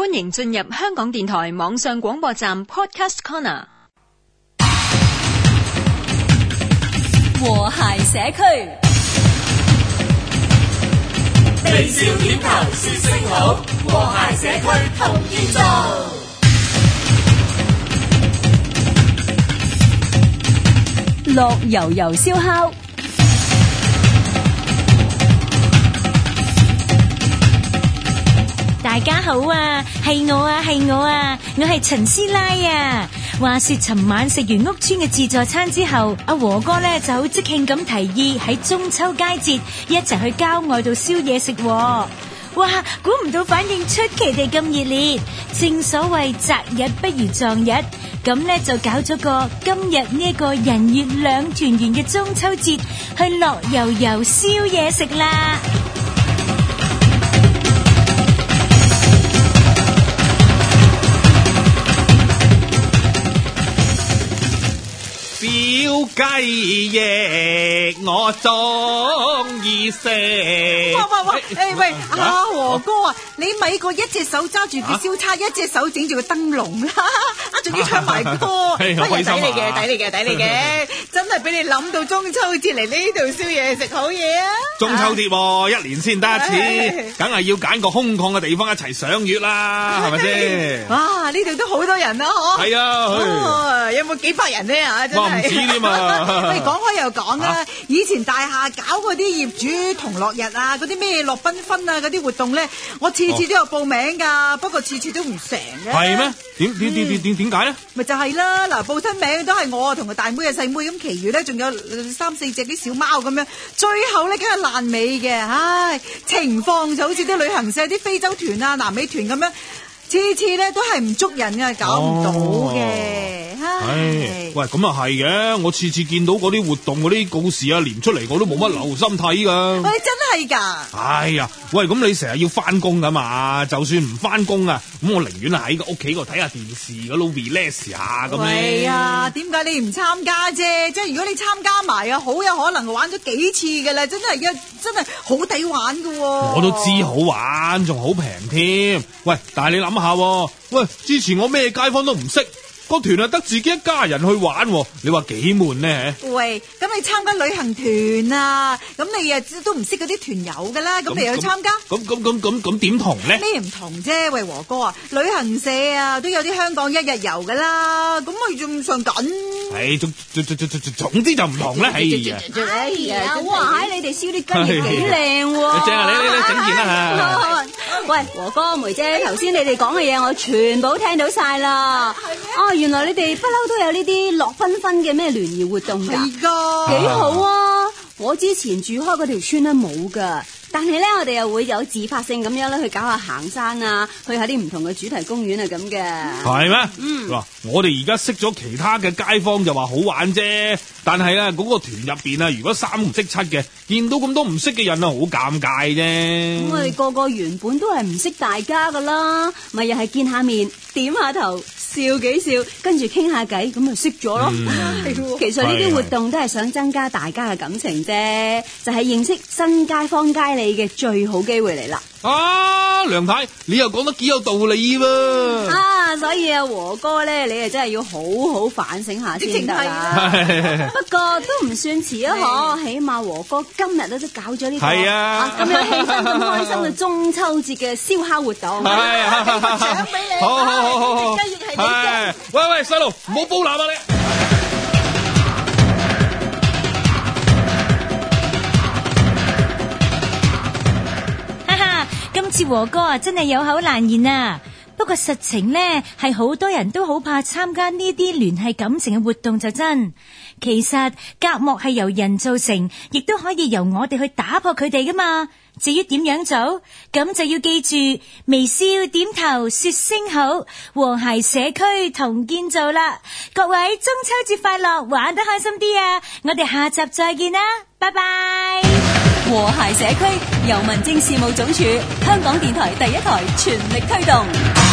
歡迎進入香港電台網上廣播站 Podcast Corner，和諧社區，微笑點頭說聲好，和諧社區同建造，樂悠遊燒烤。大家好啊，係我啊，係我啊，我係陳師奶啊。話說尋晚食完屋村嘅自助餐之後，阿和哥咧就好即興咁提議喺中秋佳節一齊去郊外度燒嘢食。哇，估唔到反應出奇地咁熱烈。正所謂擇日不如撞日，咁咧就搞咗個今日呢個人月兩團圓嘅中秋節去樂悠遊燒嘢食啦。燒雞翼我中意食。喂喂喂，誒喂，阿和哥啊，你咪個一隻手揸住個燒叉，一隻手整住個燈籠啦，啊仲要唱埋歌，真係抵你嘅，抵你嘅，抵你嘅，真係俾你諗到中秋節嚟呢度燒嘢食好嘢啊！中秋節一年先得一次，梗係要揀個空曠嘅地方一齊賞月啦，係咪先？呢度都好多人啦，嗬！係啊，有冇幾百人咧？吓，真係。荒子添啊！我哋講開又講啦，以前大廈搞嗰啲業主同樂日啊，嗰啲咩樂繽紛啊，嗰啲活動咧，我次次都有報名噶，不過次次都唔成嘅。係咩？點點點點點點解咧？咪就係啦！嗱，報親名都係我同個大妹啊、細妹咁，其餘咧仲有三四隻啲小貓咁樣，最後咧梗係爛尾嘅。唉，情況就好似啲旅行社啲非洲團啊、南美團咁樣。次次咧都係唔捉人嘅，搞唔到嘅嚇。哦唉喂，咁啊係嘅，我次次見到嗰啲活動嗰啲告示啊，連出嚟我都冇乜留心睇噶。喂，真係噶！哎呀，喂，咁你成日要翻工噶嘛？就算唔翻工啊，咁我寧願喺個屋企度睇下電視，個老味 relax 下咁樣。係啊，點解你唔參加啫？即係如果你參加埋啊，好有可能玩咗幾次噶啦，真係一真係好抵玩噶喎。我都知好玩，仲好平添。喂，但係你諗下，喂，之前我咩街坊都唔識。個團啊得自己一家人去玩，你話幾悶呢？喂，咁你參加旅行團啊？咁你啊都唔識嗰啲團友噶啦，咁你又去參加？咁咁咁咁咁點同呢？咩唔同啫？喂，和哥啊，旅行社啊都有啲香港一日遊噶啦，咁咪仲上緊。唉，總總總總總總之就唔同啦。哎呀，哎呀，我話喺你哋燒啲雞翼幾靚喎。正啊，嚟嚟嚟，整件啦。喂，和哥、梅姐，頭先你哋講嘅嘢我全部聽到晒啦。哦，原來你哋不嬲都有呢啲樂繽紛嘅咩聯誼活動㗎，幾的好啊！啊，我之前住開嗰條村咧冇㗎。但係咧，我哋又會有自發性咁樣咧去搞下行山啊，去下啲唔同嘅主題公園啊咁嘅。係咩？嗯，嗱，我哋而家識咗其他嘅街坊就話好玩啫。但係咧，嗰個團入邊啊，如果三唔識七嘅，見到咁多唔識嘅人啊，好尷尬啫。嗯嗯、我哋個個原本都係唔識大家噶啦，咪又係見下面點下頭，笑幾笑，跟住傾下偈，咁咪識咗咯。嗯、 其實呢啲活動都係想增加大家嘅感情啫，就係、是、認識新街坊街裏嘅最好機會嚟啦。啊，梁太，你又講得幾有道理噃。啊所以啊，和哥咧，你啊真係要好好反省下先得啦。不過都唔算遲啊，嗬！起碼和哥今日咧都搞咗呢個啊。咁有氣氛、咁開心嘅中秋節嘅燒烤活動，係係係，獎俾你，好好好好，而家亦係你啫。喂喂，細路，唔好暴男啊你！哈哈，今次和哥啊，真係有口難言啊！不過實情呢，係好多人都好怕參加呢啲聯繫感情嘅活動就真。其實隔膜係由人造成，亦都可以由我哋去打破佢哋㗎嘛。至於點樣做，咁就要記住微笑點頭說聲好，和諧社區同建造啦。各位中秋節快樂，玩得開心啲啊！我哋下集再見啦，拜拜！和諧社區由民政事務總署、香港電台第一台全力推動。